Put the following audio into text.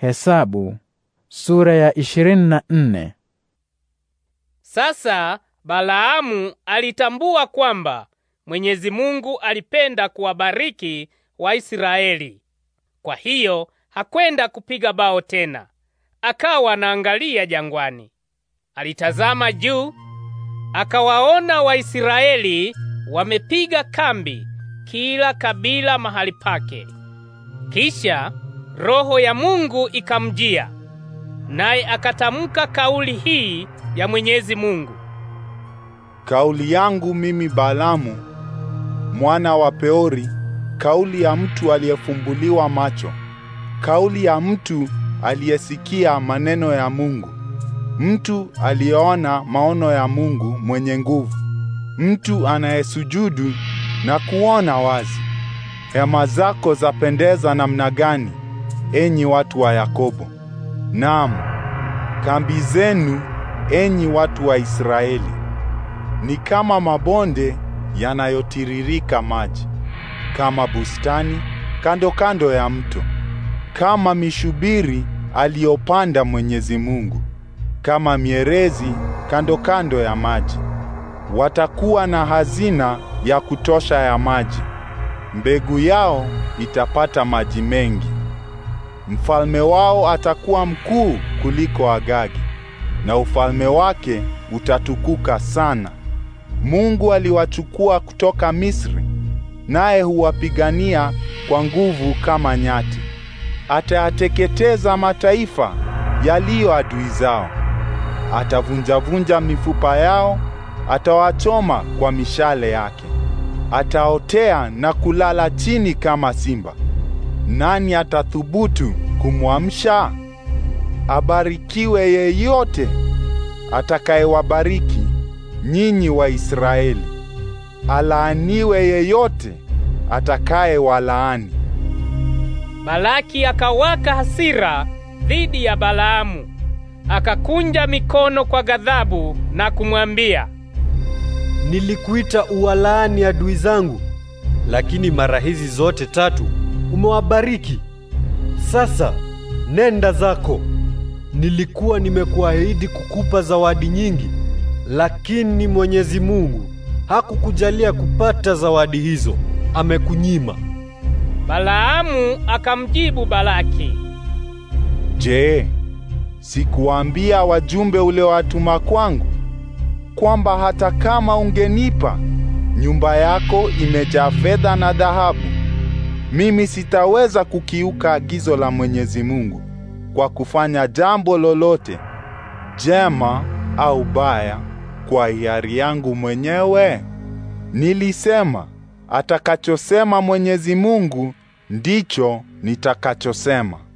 Hesabu sura ya 24. Sasa Balaamu alitambua kwamba Mwenyezi Mungu alipenda kuwabariki Waisraeli. Kwa hiyo hakwenda kupiga bao tena, akawa naangalia jangwani. Alitazama juu, akawaona Waisraeli wamepiga kambi, kila kabila mahali pake. Kisha Roho ya Mungu ikamjia, naye akatamka kauli hii ya Mwenyezi Mungu: kauli yangu mimi balamu mwana wa Peori, kauli ya mtu aliyefumbuliwa macho, kauli ya mtu aliyesikia maneno ya Mungu, mtu aliyeona maono ya Mungu mwenye nguvu, mtu anayesujudu na kuona wazi. Hema zako zapendeza namna gani, enyi watu wa Yakobo, naam kambi zenu, enyi watu wa Israeli, ni kama mabonde yanayotiririka maji, kama bustani kando kando ya mto, kama mishubiri aliyopanda Mwenyezi Mungu, kama mierezi kando kando ya maji. Watakuwa na hazina ya kutosha ya maji, mbegu yao itapata maji mengi. Mfalme wao atakuwa mkuu kuliko Agagi na ufalme wake utatukuka sana. Mungu aliwachukua kutoka Misri, naye huwapigania kwa nguvu kama nyati. Atayateketeza mataifa yaliyo adui zao, atavunjavunja mifupa yao, atawachoma kwa mishale yake, ataotea na kulala chini kama simba nani atathubutu kumwamsha? Abarikiwe yeyote atakayewabariki nyinyi Waisraeli, alaaniwe yeyote atakayewalaani. Balaki akawaka hasira dhidi ya Balaamu, akakunja mikono kwa ghadhabu na kumwambia, nilikuita uwalaani adui zangu, lakini mara hizi zote tatu umewabariki. Sasa nenda zako. Nilikuwa nimekuahidi kukupa zawadi nyingi, lakini Mwenyezi Mungu hakukujalia kupata zawadi hizo, amekunyima. Balaamu akamjibu Balaki, Je, sikuwaambia wajumbe uliowatuma kwangu kwamba hata kama ungenipa nyumba yako imejaa fedha na dhahabu mimi sitaweza kukiuka agizo la Mwenyezi Mungu kwa kufanya jambo lolote jema au baya kwa hiari yangu mwenyewe. Nilisema atakachosema Mwenyezi Mungu ndicho nitakachosema.